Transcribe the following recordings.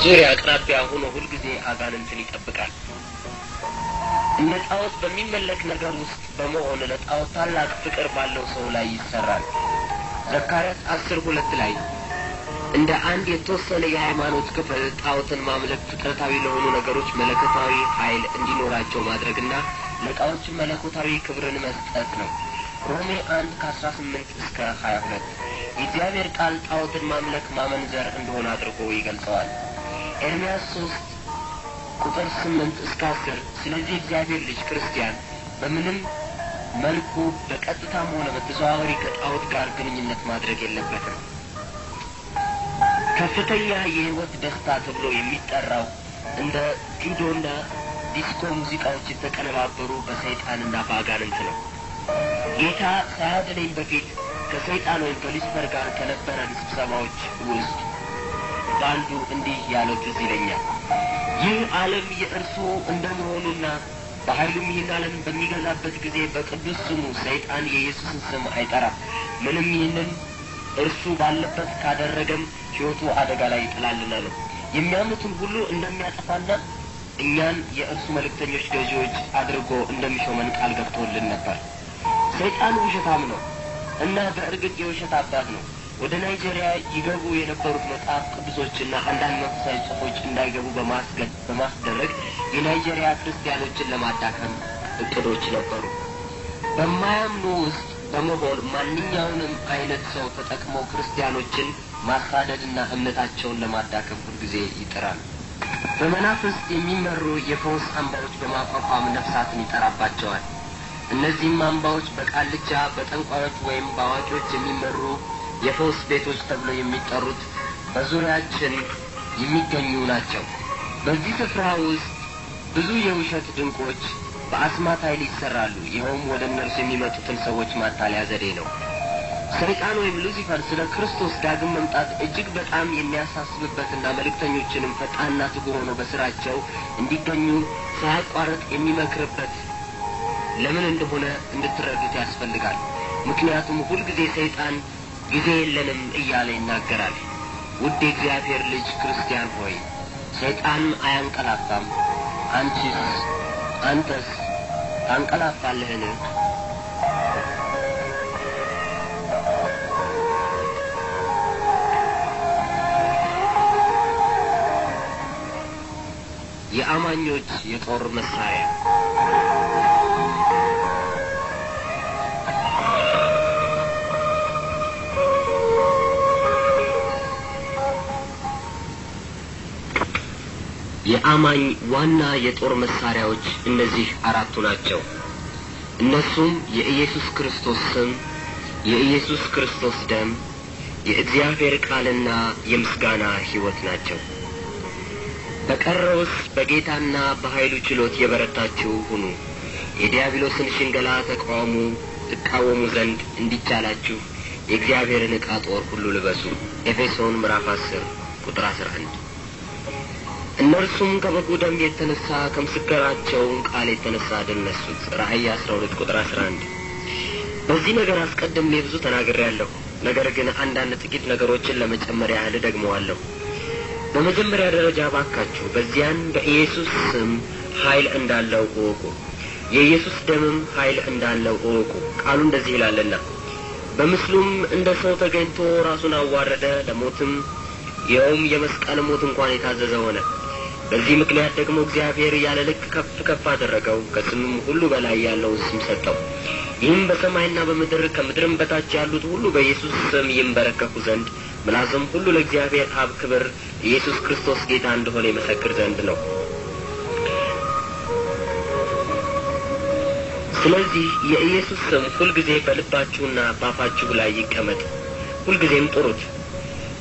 ዙሪያ አቅራቢያ ሆኖ ሁልጊዜ አጋንንትን ይጠብቃል። እንደ ጣዖት በሚመለክ ነገር ውስጥ በመሆን ለጣዖት ታላቅ ፍቅር ባለው ሰው ላይ ይሰራል። ዘካርያስ አስር ሁለት ላይ እንደ አንድ የተወሰነ የሃይማኖት ክፍል ጣዖትን ማምለክ ፍጥረታዊ ለሆኑ ነገሮች መለኮታዊ ኃይል እንዲኖራቸው ማድረግና ለእቃዎች መለኮታዊ ክብርን መስጠት ነው። ሮሜ አንድ ከአስራ ስምንት እስከ ሀያ ሁለት የእግዚአብሔር ቃል ጣዖትን ማምለክ ማመንዘር እንደሆነ አድርጎ ይገልጸዋል። ኤርምያስ ሶስት ቁጥር ስምንት እስከ አስር ስለዚህ እግዚአብሔር ልጅ ክርስቲያን በምንም መልኩ በቀጥታም ሆነ በተዘዋዋሪ ከጣዖት ጋር ግንኙነት ማድረግ የለበትም። ከፍተኛ የህይወት ደስታ ተብሎ የሚጠራው እንደ ጁዶና ዲስኮ ሙዚቃዎች የተቀነባበሩ በሰይጣንና በአጋንንት ነው። ጌታ ሳያድነኝ በፊት ከሰይጣን ወይም ከሊስፐር ጋር ከነበረን ስብሰባዎች ውስጥ አንዱ እንዲህ ያለው ትዝ ይለኛል። ይህ ዓለም የእርሱ እንደመሆኑና በኃይሉም ይህን ዓለም በሚገዛበት ጊዜ በቅዱስ ስሙ ሰይጣን የኢየሱስን ስም አይጠራም። ምንም ይህንን እርሱ ባለበት ካደረገም ሕይወቱ አደጋ ላይ ይጥላልና ነው። የሚያምኑትን ሁሉ እንደሚያጠፋና እኛን የእርሱ መልእክተኞች ገዢዎች አድርጎ እንደሚሾመን ቃል ገብቶልን ነበር። ሰይጣን ውሸታም ነው እና በእርግጥ የውሸት አባት ነው። ወደ ናይጄሪያ ይገቡ የነበሩት መጽሐፍ ቅዱሶችና አንዳንድ መንፈሳዊ ጽሑፎች እንዳይገቡ በማስደረግ የናይጄሪያ ክርስቲያኖችን ለማዳከም እቅዶች ነበሩ። በማያምኑ ውስጥ በመሆን ማንኛውንም አይነት ሰው ተጠቅመው ክርስቲያኖችን ማሳደድና እምነታቸውን ለማዳከም ሁልጊዜ ይጥራል። በመናፍስት የሚመሩ የፈውስ አምባዎች በማቋቋም ነፍሳትን ይጠራባቸዋል። እነዚህም አምባዎች በቃልቻ በጠንቋዮች ወይም በአዋቂዎች የሚመሩ የፈውስ ቤቶች ተብለው የሚጠሩት በዙሪያችን የሚገኙ ናቸው። በዚህ ስፍራ ውስጥ ብዙ የውሸት ድንቆች በአስማት ኃይል ይሰራሉ። ይኸውም ወደ እነርሱ የሚመጡትን ሰዎች ማታለያ ዘዴ ነው። ሰይጣን ወይም ሉሲፈር ስለ ክርስቶስ ዳግም መምጣት እጅግ በጣም የሚያሳስብበትና መልእክተኞችንም ፈጣንና ትጉር ሆነው በስራቸው እንዲገኙ ሳያቋርጥ የሚመክርበት ለምን እንደሆነ እንድትረዱት ያስፈልጋል። ምክንያቱም ሁልጊዜ ሰይጣን ጊዜ የለንም እያለ ይናገራል። ውድ የእግዚአብሔር ልጅ ክርስቲያን ሆይ ሰይጣን አያንቀላፋም። አንቺስ አንተስ ታንቀላፋለህን? የአማኞች የጦር መሳሪያ የአማኝ ዋና የጦር መሳሪያዎች እነዚህ አራቱ ናቸው። እነሱም የኢየሱስ ክርስቶስ ስም፣ የኢየሱስ ክርስቶስ ደም፣ የእግዚአብሔር ቃልና የምስጋና ሕይወት ናቸው። በቀረውስ በጌታና በኃይሉ ችሎት የበረታችሁ ሁኑ። የዲያብሎስን ሽንገላ ተቃውሙ ትቃወሙ ዘንድ እንዲቻላችሁ የእግዚአብሔርን ዕቃ ጦር ሁሉ ልበሱ። ኤፌሶን ምዕራፍ አስር ቁጥር አስራ አንድ እነርሱም ከበጉ ደም የተነሳ ከምስክራቸውን ቃል የተነሳ ደነሱት። ራእይ አስራ ሁለት ቁጥር አስራ አንድ በዚህ ነገር አስቀድሜ ብዙ ያለሁ ነገር ግን አንዳንድ ጥቂት ነገሮችን ለመጨመር ያህል ደግመዋለሁ። በመጀመሪያ ደረጃ ባካችሁ በዚያን በኢየሱስ ስም ኃይል እንዳለው እወቁ። የኢየሱስ ደምም ኃይል እንዳለው እወቁ። ቃሉ እንደዚህ ይላልና በምስሉም እንደ ሰው ተገኝቶ ራሱን አዋረደ፣ ለሞትም የውም የመስቀል ሞት እንኳን የታዘዘ ሆነ። በዚህ ምክንያት ደግሞ እግዚአብሔር ያለ ልክ ከፍ ከፍ አደረገው፣ ከስምም ሁሉ በላይ ያለውን ስም ሰጠው። ይህም በሰማይና በምድር ከምድርም በታች ያሉት ሁሉ በኢየሱስ ስም ይንበረከኩ ዘንድ ምላስም ሁሉ ለእግዚአብሔር አብ ክብር ኢየሱስ ክርስቶስ ጌታ እንደሆነ የመሰክር ዘንድ ነው። ስለዚህ የኢየሱስ ስም ሁልጊዜ በልባችሁና በአፋችሁ ላይ ይቀመጥ፣ ሁልጊዜም ጥሩት።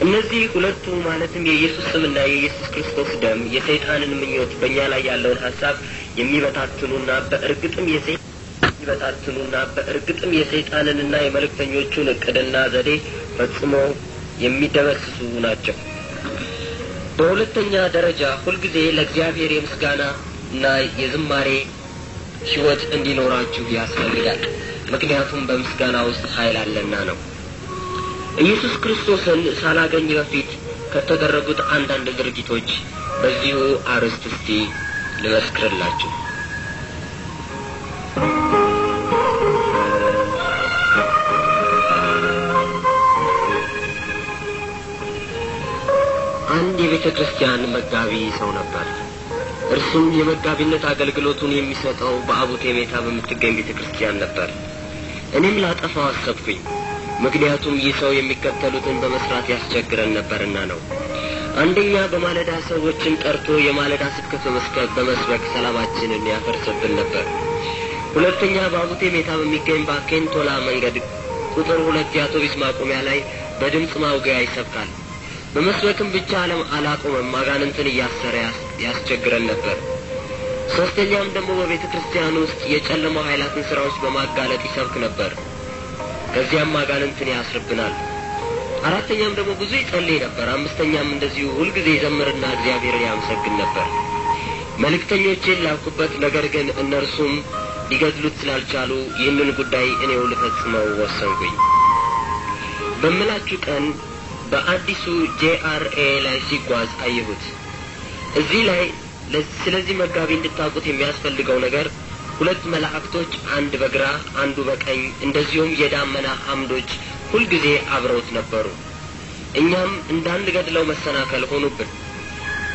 እነዚህ ሁለቱ ማለትም የኢየሱስ ስምና የኢየሱስ ክርስቶስ ደም የሰይጣንን ምኞት በእኛ ላይ ያለውን ሀሳብ የሚበታትኑና በእርግጥም የሚበታትኑና በእርግጥም የሰይጣንንና የመልእክተኞቹን እቅድና ዘዴ ፈጽሞ የሚደመስሱ ናቸው። በሁለተኛ ደረጃ ሁልጊዜ ለእግዚአብሔር የምስጋና እና የዝማሬ ሕይወት እንዲኖራችሁ ያስፈልጋል። ምክንያቱም በምስጋና ውስጥ ኃይል አለና ነው። ኢየሱስ ክርስቶስን ሳላገኝ በፊት ከተደረጉት አንዳንድ ድርጊቶች በዚሁ አርዕስት እስቲ ልመስክርላችሁ። አንድ የቤተ ክርስቲያን መጋቢ ሰው ነበር። እርሱም የመጋቢነት አገልግሎቱን የሚሰጠው በአቡቴ ሜታ በምትገኝ ቤተ ክርስቲያን ነበር። እኔም ላጠፋው አሰብኩኝ። ምክንያቱም ይህ ሰው የሚከተሉትን በመስራት ያስቸግረን ነበርና ነው። አንደኛ በማለዳ ሰዎችን ጠርቶ የማለዳ ስብከት በመስበክ ሰላማችንን ያፈርስብን ነበር። ሁለተኛ በአቡቴ ሜታ በሚገኝ በኬንቶላ መንገድ ቁጥር ሁለት የአውቶቢስ ማቆሚያ ላይ በድምፅ ማውገያ ይሰብካል። በመስበክም ብቻ አለም አላቆመም፣ አጋንንትን እያሰረ ያስቸግረን ነበር። ሶስተኛም ደግሞ በቤተ ክርስቲያን ውስጥ የጨለማው ኃይላትን ስራዎች በማጋለጥ ይሰብክ ነበር። በዚያም አጋንንትን ያስርብናል። አራተኛም ደግሞ ብዙ ይጸልይ ነበር። አምስተኛም እንደዚሁ ሁልጊዜ ይዘምርና እግዚአብሔርን ያመሰግን ነበር። መልእክተኞቼን ላኩበት፣ ነገር ግን እነርሱም ሊገድሉት ስላልቻሉ ይህንን ጉዳይ እኔው ልፈጽመው ወሰንኩኝ። በምላችሁ ቀን በአዲሱ ጄአርኤ ላይ ሲጓዝ አየሁት። እዚህ ላይ ስለዚህ መጋቢ እንድታውቁት የሚያስፈልገው ነገር ሁለት መላእክቶች አንድ በግራ አንዱ በቀኝ እንደዚሁም የዳመና አምዶች ሁልጊዜ አብረውት ነበሩ። እኛም እንዳንገድለው መሰናከል ሆኑብን።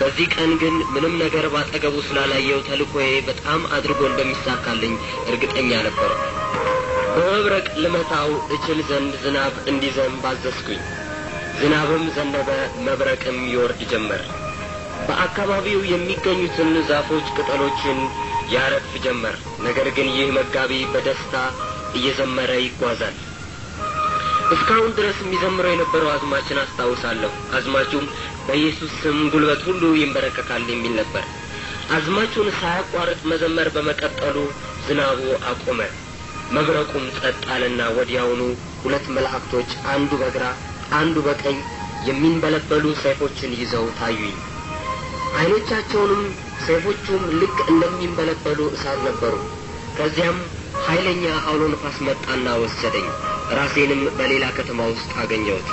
በዚህ ቀን ግን ምንም ነገር ባጠገቡ ስላላየው ተልኮዬ በጣም አድርጎ እንደሚሳካልኝ እርግጠኛ ነበር። በመብረቅ ልመታው እችል ዘንድ ዝናብ እንዲዘን ባዘስኩኝ ዝናብም ዘነበ፣ መብረቅም ይወርድ ጀመር። በአካባቢው የሚገኙትን ዛፎች ቅጠሎችን ያረፍ ጀመር። ነገር ግን ይህ መጋቢ በደስታ እየዘመረ ይጓዛል። እስካሁን ድረስ የሚዘምረው የነበረው አዝማችን አስታውሳለሁ። አዝማቹም በኢየሱስ ስም ጉልበት ሁሉ ይንበረከካል የሚል ነበር። አዝማቹን ሳያቋርጥ መዘመር በመቀጠሉ ዝናቡ አቆመ። መብረቁም ጸጥ አለና ወዲያውኑ ሁለት መላእክቶች አንዱ በግራ አንዱ በቀኝ የሚንበለበሉ ሰይፎችን ይዘው ታዩኝ። አይኖቻቸውንም ሰይፎቹም ልክ እንደሚንበለበሉ እሳት ነበሩ። ከዚያም ኃይለኛ አውሎ ነፋስ መጣና ወሰደኝ። ራሴንም በሌላ ከተማ ውስጥ አገኘሁት።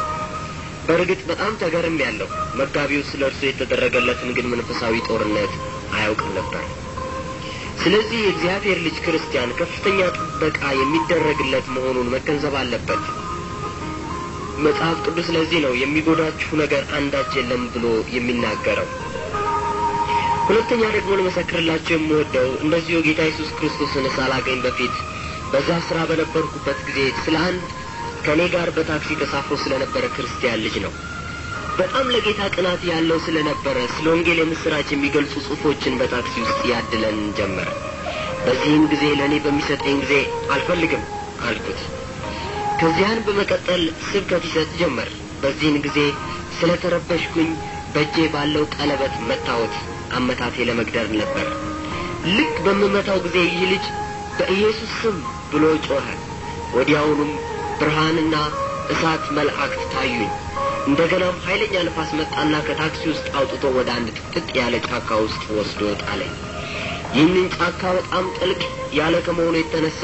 በእርግጥ በጣም ተገርም ያለው መጋቢው ስለ እርሱ የተደረገለትን ግን መንፈሳዊ ጦርነት አያውቅም ነበር። ስለዚህ የእግዚአብሔር ልጅ ክርስቲያን ከፍተኛ ጥበቃ የሚደረግለት መሆኑን መገንዘብ አለበት። መጽሐፍ ቅዱስ ለዚህ ነው የሚጎዳችሁ ነገር አንዳች የለም ብሎ የሚናገረው። ሁለተኛ ደግሞ ልመሰክርላቸው የምወደው እንደዚሁ ጌታ ኢየሱስ ክርስቶስን ሳላገኝ በፊት በዛ ስራ በነበርኩበት ጊዜ ስለ አንድ ከእኔ ጋር በታክሲ ተሳፍሮ ስለነበረ ክርስቲያን ልጅ ነው። በጣም ለጌታ ቅናት ያለው ስለነበረ ስለ ወንጌል የምስራች የሚገልጹ ጽሑፎችን በታክሲ ውስጥ ያድለን ጀመረ። በዚህም ጊዜ ለእኔ በሚሰጠኝ ጊዜ አልፈልግም አልኩት። ከዚያን በመቀጠል ስብከት ይሰጥ ጀመር። በዚህን ጊዜ ስለተረበሽኩኝ በእጄ ባለው ቀለበት መታወት አመታቴ ለመግደር ነበር። ልክ በምመታው ጊዜ ይህ ልጅ በኢየሱስ ስም ብሎ ጮኸ። ወዲያውኑም ብርሃንና እሳት መልአክት ታዩኝ። እንደገናም ኃይለኛ ንፋስ መጣና ከታክሲ ውስጥ አውጥቶ ወደ አንድ ጥቅጥቅ ያለ ጫካ ውስጥ ወስዶ ጣለኝ። ይህንን ጫካ በጣም ጥልቅ ያለ ከመሆኑ የተነሳ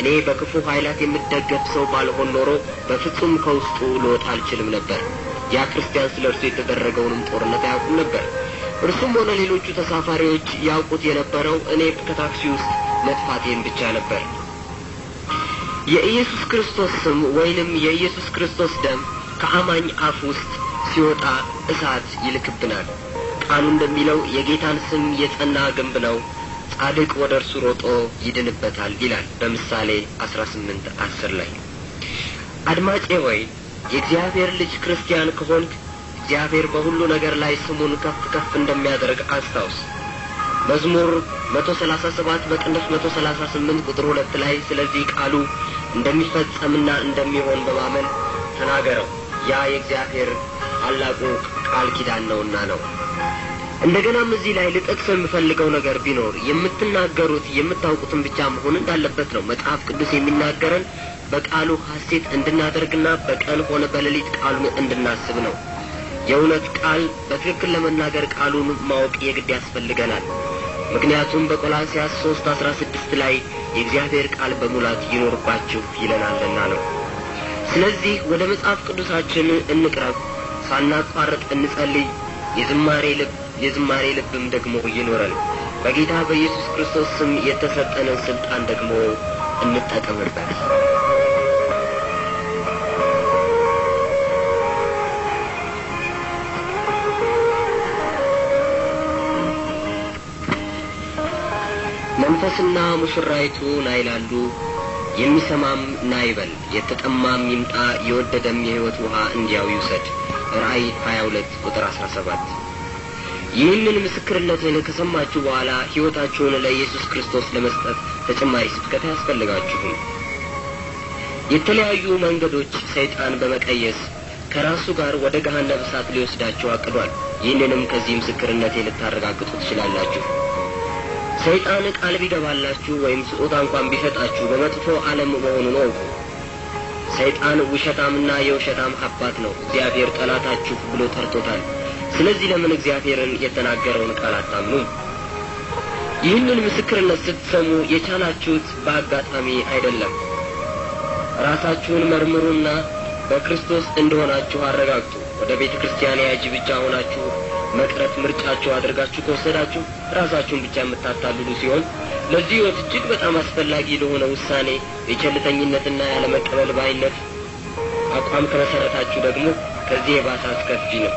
እኔ በክፉ ኃይላት የምደገፍ ሰው ባልሆን ኖሮ በፍጹም ከውስጡ ልወጣ አልችልም ነበር። ያ ክርስቲያን ስለ እርሱ የተደረገውንም ጦርነት አያውቁም ነበር። እርሱም ሆነ ሌሎቹ ተሳፋሪዎች ያውቁት የነበረው እኔ ከታክሲ ውስጥ መጥፋቴን ብቻ ነበር። የኢየሱስ ክርስቶስ ስም ወይንም የኢየሱስ ክርስቶስ ደም ከአማኝ አፍ ውስጥ ሲወጣ እሳት ይልክብናል። ቃሉ እንደሚለው የጌታን ስም የጸና ግንብ ነው፣ ጻድቅ ወደ እርሱ ሮጦ ይድንበታል ይላል በምሳሌ አስራ ስምንት አስር ላይ አድማጬ ወይ የእግዚአብሔር ልጅ ክርስቲያን ከሆንክ እግዚአብሔር በሁሉ ነገር ላይ ስሙን ከፍ ከፍ እንደሚያደርግ አስታውስ። መዝሙር መቶ ሰላሳ ሰባት በቅንፍ መቶ ሰላሳ ስምንት ቁጥር ሁለት ላይ ስለዚህ ቃሉ እንደሚፈጸምና እንደሚሆን በማመን ተናገረው። ያ የእግዚአብሔር ታላቁ ቃል ኪዳን ነውና ነው። እንደገናም እዚህ ላይ ልጠቅሰው የምፈልገው ነገር ቢኖር የምትናገሩት የምታውቁትን ብቻ መሆን እንዳለበት ነው። መጽሐፍ ቅዱስ የሚናገረን በቃሉ ሐሴት እንድናደርግና በቀን ሆነ በሌሊት ቃሉን እንድናስብ ነው። የእውነት ቃል በትክክል ለመናገር ቃሉን ማወቅ የግድ ያስፈልገናል። ምክንያቱም በቆላሲያስ ሶስት አስራ ስድስት ላይ የእግዚአብሔር ቃል በሙላት ይኖርባችሁ ይለናልና ነው። ስለዚህ ወደ መጽሐፍ ቅዱሳችን እንቅረብ፣ ሳናቋርጥ እንጸልይ፣ የዝማሬ ልብ የዝማሬ ልብም ደግሞ ይኖረን። በጌታ በኢየሱስ ክርስቶስ ስም የተሰጠንን ስልጣን ደግሞ እንጠቀምበት። መንፈስና ሙሽራይቱ ና ይላሉ። የሚሰማም ና ይበል። የተጠማም ይምጣ። የወደደም የሕይወት ውሃ እንዲያው ይውሰድ። ራእይ 22 ቁጥር 17 ይህንን ምስክርነትን ከሰማችሁ በኋላ ሕይወታችሁን ለኢየሱስ ክርስቶስ ለመስጠት ተጨማሪ ስብከት አያስፈልጋችሁም። የተለያዩ መንገዶች ሰይጣን በመቀየስ ከራሱ ጋር ወደ ገሃነመ እሳት ሊወስዳችሁ አቅዷል። ይህንንም ከዚህ ምስክርነቴ ልታረጋግጡ ትችላላችሁ። ሰይጣን ቃል ቢገባላችሁ ወይም ስጦታ እንኳን ቢሰጣችሁ በመጥፎ ዓለም መሆኑን ነው ሰይጣን ውሸታምና የውሸታም አባት ነው። እግዚአብሔር ጠላታችሁ ብሎ ጠርቶታል። ስለዚህ ለምን እግዚአብሔርን የተናገረውን ቃል አታምኑ? ይህንን ምስክርነት ስትሰሙ የቻላችሁት በአጋጣሚ አይደለም። ራሳችሁን መርምሩና በክርስቶስ እንደሆናችሁ አረጋግጡ። ወደ ቤተ ክርስቲያን ያጅ ብቻ ሆናችሁ መቅረት ምርጫችሁ አድርጋችሁ ከወሰዳችሁ ራሳችሁን ብቻ የምታታልሉ ሲሆን ለዚህ ሕይወት እጅግ በጣም አስፈላጊ ለሆነ ውሳኔ የቸልተኝነትና ያለመቀበል ባይነት አቋም ከመሰረታችሁ ደግሞ ከዚህ የባሰ አስከፊ ነው።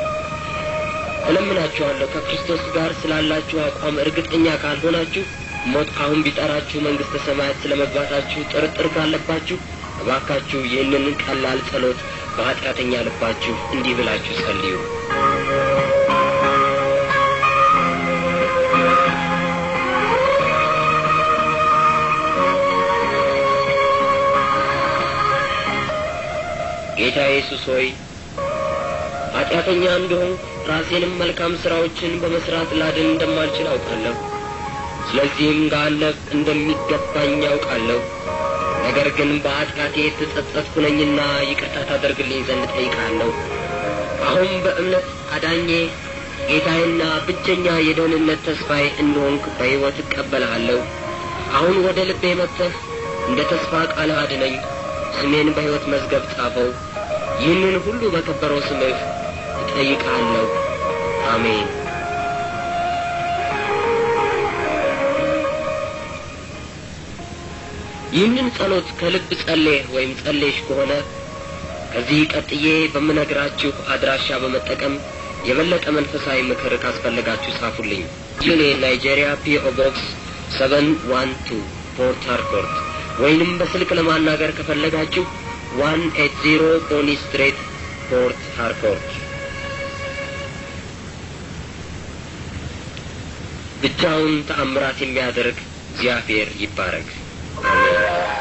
እለምናችኋለሁ ከክርስቶስ ጋር ስላላችሁ አቋም እርግጠኛ ካልሆናችሁ ሞት ካሁን ቢጠራችሁ መንግስተ ሰማያት ስለ መግባታችሁ ጥርጥር ካለባችሁ እባካችሁ ይህንን ቀላል ጸሎት በኃጢአተኛ ልባችሁ እንዲህ ብላችሁ ጸልዩ። ጌታ ኢየሱስ ሆይ ኃጢአተኛ እንደሆንኩ ራሴንም መልካም ሥራዎችን በመሥራት ላድን እንደማልችል አውቃለሁ። ስለዚህም ገሃነም እንደሚገባኝ ያውቃለሁ። ነገር ግን በኃጢአቴ የተጸጸትኩ ነኝና ይቅርታ ታደርግልኝ ዘንድ ጠይቃለሁ። አሁን በእምነት አዳኜ ጌታዬና ብቸኛ የደህንነት ተስፋዬ እንደሆንክ በሕይወት እቀበልሃለሁ። አሁን ወደ ልቤ መጥተህ እንደ ተስፋ ቃል አድነኝ፣ ስሜን በሕይወት መዝገብ ጻፈው። ይህንን ሁሉ በከበረው ስምህ እጠይቃለሁ። አሜን። ይህንን ጸሎት ከልብ ጸለየህ ወይም ጸለየሽ ከሆነ ከዚህ ቀጥዬ በምነግራችሁ አድራሻ በመጠቀም የበለጠ መንፈሳዊ ምክር ካስፈለጋችሁ ጻፉልኝ። ዩኔ ናይጄሪያ ፒኦ ቦክስ ሰቨን ዋን ቱ ፖርት ሃርኮርት ወይንም በስልክ ለማናገር ከፈለጋችሁ ዋን ኤት ዜሮ ቦኒ ስትሬት ፖርት ሃርኮርት ብቻውን ተአምራት የሚያደርግ እግዚአብሔር ይባረግ አሜን